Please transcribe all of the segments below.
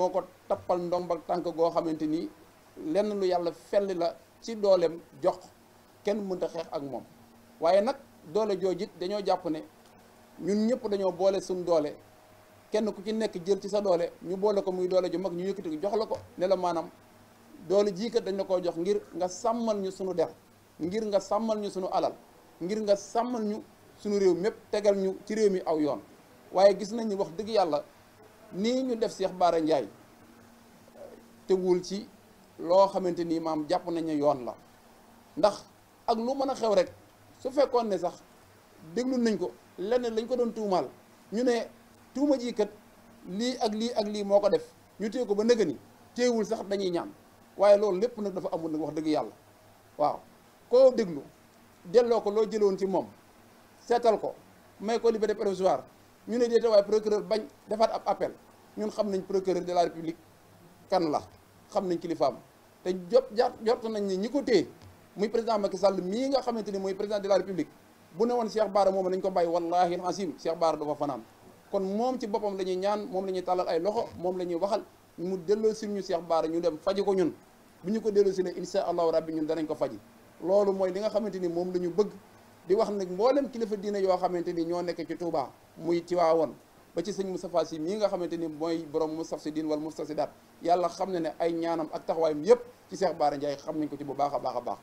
moko tapal tappal ndombal tank go xamanteni lenn lu yalla fell la ci dolem jox kenn mënta xex ak mom waye nak dole jojit dañoo japp ne ñun ñepp dañoo boole sun dole kenn ku ci nek jël ci sa dole ñu boole ko muy dole ju mag ñu yëkëti jox la ko ne la manam dole ji kat dañ la ko jox ngir nga samal ñu sunu def ngir nga samal ñu sunu alal ngir nga samal ñu sunu rew mepp tegal ñu ci rew mi aw yoon waye gis nañ ni wax deug yalla nii ñu def Cheikh Bara Ndiaye teguwul ci loo xamante ni maam jàpp nañu yoon la ndax ak lu mën a xew rek su fekkoon ne sax déglu nañ ko leneen lañ ko doon tuumaal ñu ne tuuma ji kat lii ak lii ak lii moo ko def ñu téye ko ba nëgë ni téewul sax dañuy ñaan waaye loolu lépp nag dafa amul nag wax dëgg yàlla waaw koo déglu delloo ko loo jële jëloon ci moom seetal ko may ko liberté provisoire ñu né dété way procureur bañ défat ab appel ñun xam nañ procureur de la république kan la xam nañ kilifaam te jot jot jot nañ ni ñiko té muy président Macky Sall mi nga xamanteni muy président de la république bu né won Cheikh Bara moom nañ ko bay wallahi asim Cheikh Bara dafa fanam kon mom ci bopam lañuy ñaan mom lañuy talal ay loxo mom lañuy ñuy waxal mu delloo si ñu Cheikh Bara ñu dem faji ko ñun bu ñu ko delloo si ne insha allah rabbi ñun dañ ko faji lolu moy li nga xamanteni mom lañu bëgg di wax nak mbolam kilifa diine yo xamanteni ño nek ci Touba muy tiwa won ba ci seigne Moustapha si mi nga xamante ni mooy borom mustafsidin wala mustafsidaat yàlla xamna ne ay ñaanam ak taxawaayam yep ci Cheikh Bara ndjay xam nañ ko ci bu baakha baakha baax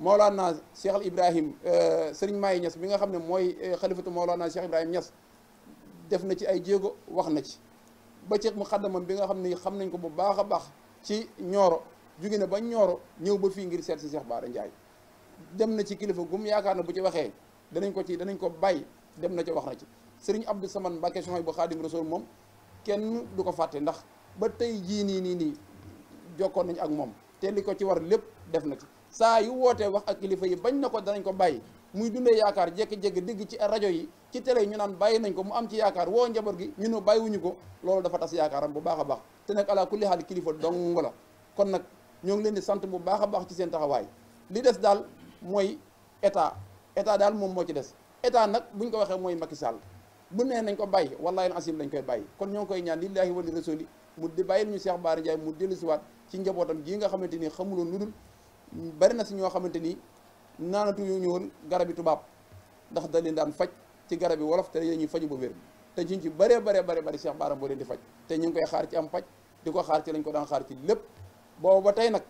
مولانا baax Mawlana سيرن ماي نياس ميغا Niass موي خليفه مولانا شيخ ابراهيم نياس Mawlana سي اي جيغو واخنا سي با ay jéego بيغا na ci ba بو باخا باخ سي نيورو جوغينا با نيورو ko با في غير سيرت شيخ Nioro jóge dem na ci kilifa gum yaakaar na bu ci waxee danañ ko ci danañ ko bàyyi dem na ci wax na ci sëriñ Abdou Samane Mbacke Soxna bu Xaadim Rasul moom kenn du ko fàtte ndax ba tey jii nii nii nii jokkoon nañ ak moom te li ko ci war lépp def na ci saa yu wootee wax ak kilifa yi bañ na danañ ko bàyyi muy dundee yaakaar jékki-jékki ci rajo yi ci télé yi ñu naan bàyyi nañ ko mu am ci yaakaar woo njaboot gi ñu ne bàyyiwuñu ko loolu dafa tas yaakaaram bu baax a baax te nag ala kulli xaal kilifa dong la kon nag ñoo ngi leen di sant bu baax a ci seen taxawaay li des daal Moy, état état dal mom mo ci dess état nak buñ ko waxe moy Macky Sall bu ne nañ ko asim lañ koy bàyyi kon ñong koy ñaan lillahi wa li mu di bayil ñu Cheikh bari Ndiaye mu dellusiwaat ci njabotam gi nga xamanteni xamul lu bari na ci ño xamanteni ñu garabi tubab ndax da leen daan faj ci garabi wolof te yeñu fajj bu wér te ñu ci bari bari bari bari Cheikh bari bo leen di fajj te ñu koy xaar ci am fajj diko xaar ci lañ ko daan xaar ci lepp boobu ba tay nak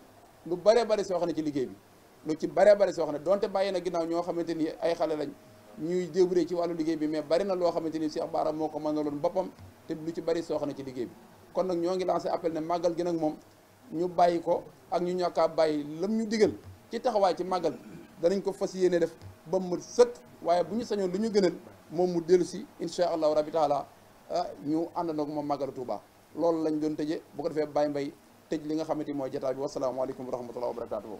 lu bari bari so ci bi lu ci bare bare soo xam ne donte bàyyi na ginnaaw ñoo xamante ni ay xale lañ ñuy débrouiller ci wàllu liggéey bi mais bari na loo xamante ni Cheikh Bara moo ko mënaloon boppam te lu ci bari soox na ci liggéey bi kon nag ñoo ngi lancé appel ne màggal gi nag moom ñu bàyyi ko ak ñu ñàkk bàyyi lam ñu digal ci taxawaay ci màggal danañ ko fas yéene def ba mu sëkk waaye bu ñu sañoon lu ñu gënal moom mu dellu si incha allahu rabi taala ah, ñu àndandoo ak moom màggalu Tuuba loolu lañ doon tëjee bu ko defee Baye Mbaye tëj li nga xamante ni mooy jotaay bi wasalaamaaleykum wa rahmatullahi wa barakatuhu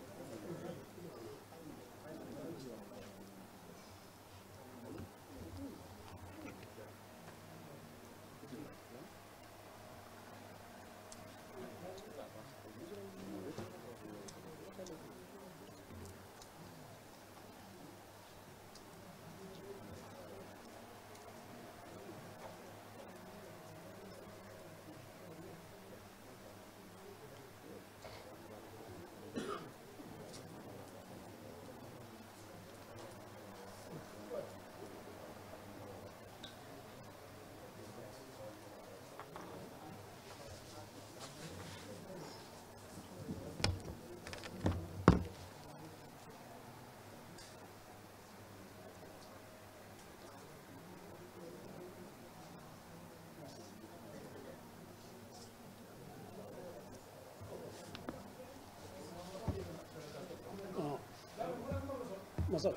ما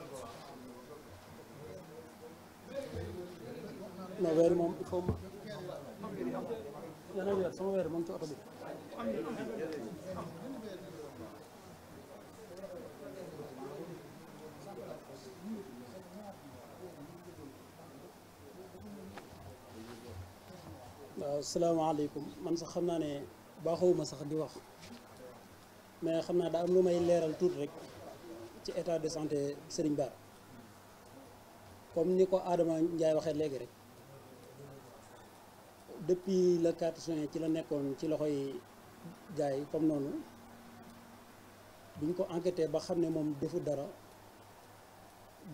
غير مم فهم أنا لا أسمع غير مم تقربي السلام عليكم من سخمنا باخو ما سخدي وخ ما خمنا دا أملو ما يلير التورك ci état de santé Serigne Bara comme ni ko Adama Ndiaye waxee léegi rek depuis le 4 juin ci la nekkoon ci loxoy gars yi comme noonu buñ ko enquêté ba xam ne moom defu dara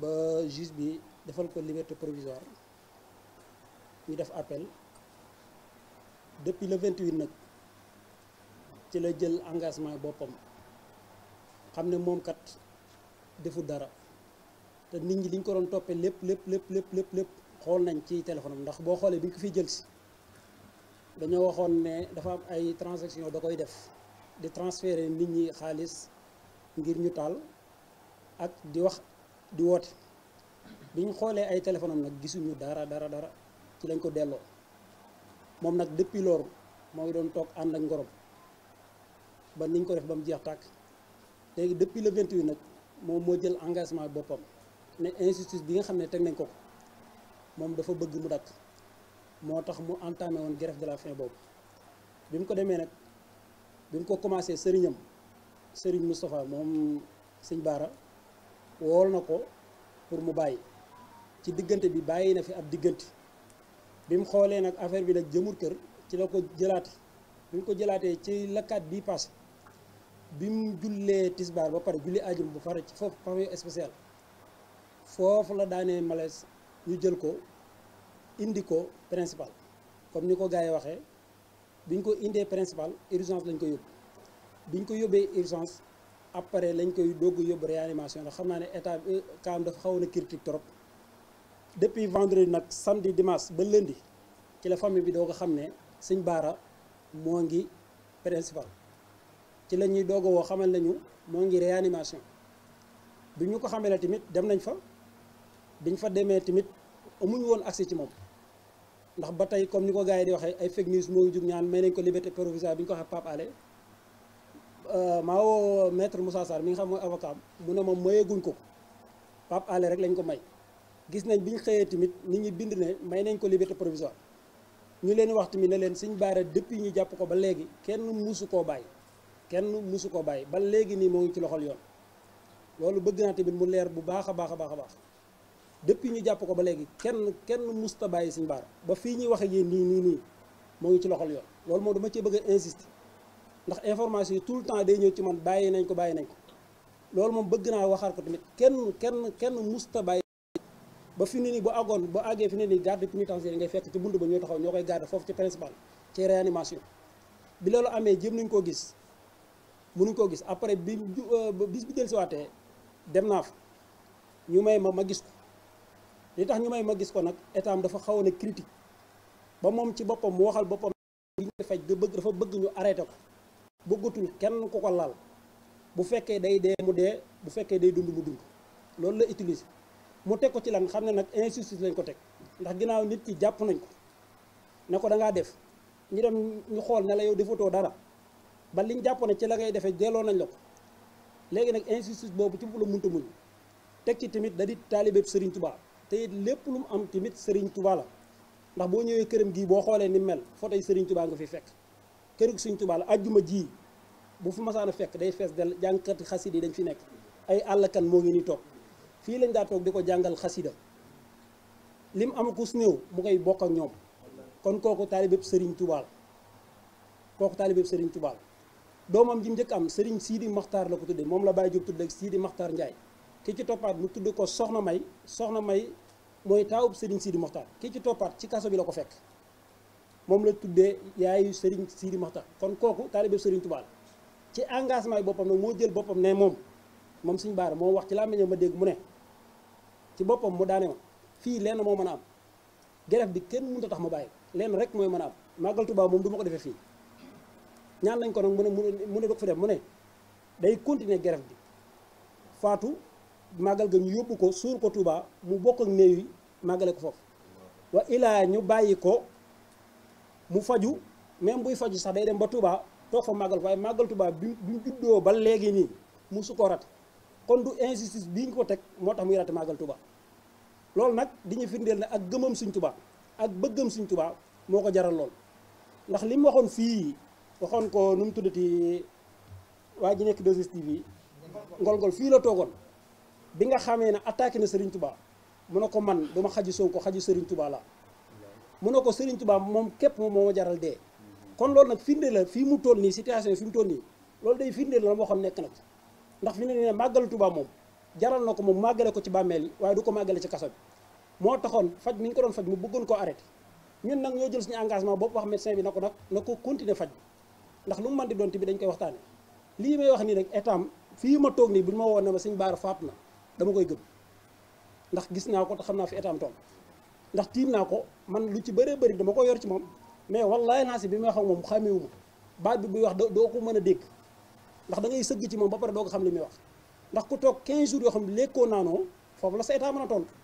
ba juge bi defal ko liberté provisoire ñu def appel depuis le 28 nag ci la jël engagement boppam xam ne moom kat defu dara te nit ñi liñ ko doon topé lepp lepp lepp lepp lepp lepp xol nañ ci téléphone ndax bo xolé bi ko fi jël ci dañu waxon né dafa am ay transaction da koy def di transférer nit ñi xaalis ngir ñu tal ak di wax di wote biñ xolé ay téléphone nak gisunu dara dara dara ci lañ ko delloo mom nak depuis lor moo ngi doon tok and ak ngorom ba niñ ko def bam jeex tak léegi depuis le 28 nak moom moo jël engagement boppam ne injustice bi nga xam ne teg nañ ko ko moom dafa bëgg mu dakk moo tax mu entamé woon grève de la faim boobu bi mu ko demee nag bi mu ko commencé sëriñam sëriñ Moustapha moom sëñ Baara wool na ko pour mu bàyyi ci diggante bi bàyyi na fi ab diggante bi mu xoolee nag affaire bi nag jëmur kër ci la ko jëlaate bi mu ko jëlaatee ci lëkkat bii passé bi mu jullee tisbaar ba pare julli ajum bu fare ci foofu pavillon spécial foofu la daanee malaise ñu jël ko indi ko principal comme ni ko gars yi waxee biñ ko indee principal urgence lañ ko yóbbu biñ ko yóbbee urgence après lañ koy dogg yóbbu réanimation la xam naa ne état bi euh, kaam dafa xawoon a critique trop depuis vendredi nag samedi dimanche ba lundi ci la famille bi doo ko xam ne sëñ Baara moo ngi principal ci la ñuy doog a woo xamal nañu moo ngi réanimation bi ñu ko xamee tamit dem nañ fa bi ñu fa demee tamit amuñu woon accès ci moom ndax ba tey comme ni ko gars di waxee ay fake news moo ngi jug ñaan may nañ ko liberté provisoire bi ñu ko waxee Pape Alé euh, maa woo maître Moussa Sarr mi nga xam mooy avocat mu ne ma mayeguñ ko Pape Alé rek lañ ko may gis nañ bi ñu xëyee tamit nit ñi bind ne may nañ ko liberté provisoire ñu leen wax tamit ne leen Sëñ Bara depuis ñu jàpp ko ba léegi kenn mësu koo bàyyi. kenn musu ko bàyyi ba legui ni mo ngi ci loxol yoon lolou bëgg na tamit mu leer bu baax a baax a baax depuis ñu japp ko ba léegi kenn kenn musta bay seigne bar ba fi ñi waxe ni ni ni mo ngi ci loxol yoon lolou mo dama ci bëgg a insister ndax information yi tout le temps day ñew ci man nañ ko nañ ko lolou bëgg na waxar ko tamit kenn kenn kenn musta bay ba fi ni bu agone bu àggee fi ni nii garde pénitentiaire yi ngay fekk ci bundu ba ñoy taxaw ñokay garde fofu ci principal ci réanimation bi lolou amé jëm nañ ko gis mënuñ ko gis après bi euh, bis si waatee dem naa fa ñu may ma ma gis ko li tax ñu may ma gis ko nag état dafa xawoon ne critique ba moom ci boppam mu waxal boppam li ñu faj bëgg dafa bëgg ñu arrêté ko bëggatul kenn ku ko laal bu fekkee day dee mu dee bu fekkee day dund mu dund loolu la utiliser mu teg ko ci lan xam ne nag injustice lañ ko teg ndax ginnaaw nit ki jàpp nañ ko ne ko da ngaa def ñu dem ñu xool ne la yow defatoo dara ba liñ jàpp ne ci la ngay defee delloo nañ la ko léegi nag injustice boobu ci la munta muñ teg ci tamit da taalibeeb Serigne Touba te it lépp lu mu am tamit Serigne Touba la ndax boo ñëwee këram gii boo xoolee ni mel foto yi Serigne Touba nga fi fekk këru Serigne Touba la ajjuma ji bu fu masaan a fekk day fees del jàngkati xasida yi dañ fi nekk ay moo ngi ni toog fii lañ daa di ko jàngal xasida lim am ku néew mu koy bokk ak ñoom kon kooku taalibeeb Serigne Touba la kooku taalibeeb Serigne Touba la doomam ji njëkk am sëriñ Sidi Maxtaar la ko tudde moom la Baye Diop tudde ak Sidi Maxtaar Ndiaye ki ci toppaat mu tudde ko Soxna May Soxna May mooy taawub sëriñ Sidi Maxtaar ki ci toppaat ci kaso bi ko fekk moom la tuddee yaayu sëriñ Sidi Maxtaar kon kooku taalibe sëriñ Tuubaa ci engagement yi boppam nag moo jël boppam ne moom moom suñu baara moo wax ci làmmiñam ma dégg mu ne ci boppam mu daane ma fii lenn moo mën a am geref bi kenn mënut a tax ma bàyyi lenn rek mooy mën a am màggal Tuubaa moom du ma ko defee fii ñaan lañ ko nak mu ne mu ne du ko fi def mu ne day continuer grève bi faatu magal ga ñu yobbu ko sur ko Touba mu bokk ak neuy magalé ko fofu wa ila ñu bayiko mu faju même buy faju sax day dem ba Touba tok fa magal way magal Touba bi mu ba léegi ni mu su ko rat kon du injustice bi ngi ko tek motax muy rate Touba lol nak di ñu na ne ak gëmam seigne Touba ak bëggam seigne Touba moko jaral lol ndax lim waxon fi waxoon ko nu mu tuddati waa ji nekk 2STV bi ngolngol fii la toogoon bi nga xamee ne attaqué na Serigne Touba mu ne ko man dama xaju ko xaju sëriñ Touba la mu ne ko Serigne Touba moom képp moom moo ma jaral dee kon loolu nag firnde la fii mu toll nii situation fi mu toll nii lool day firnde la moo xam nekk nag ndax fi ne ne màggalu Touba moom jaral na ko moom màggale ko ci bàmmeel yi waaye du ko màggale ci kaso bi moo taxoon faj mi ñu ko doon faj mu bëggoon koo arrêté ñun nag ñoo jël suñu engagement boobu wax médecin bi na ko nag na ko continuer faj ndax lu mu mën di doon tamit dañ koy waxtaane lii may wax nii rek état fii ma toog nii bi ñu ma woon ne ma sëñ baar faat na dama koy gëm ndax gis naa ko te xam naa fi état toll ndax tiim naa ko man lu ci bëree bëri dama ko yor ci moom mais wallaahi naa si bi may wax moom xameewu ma baat bi buy wax doo ko mën a dégg ndax da ngay sëgg ci moom ba pare doo ko xam li muy wax ndax ku toog 15 jours yoo xam ne lekkoo naanoo foofu la sa état mën a tontu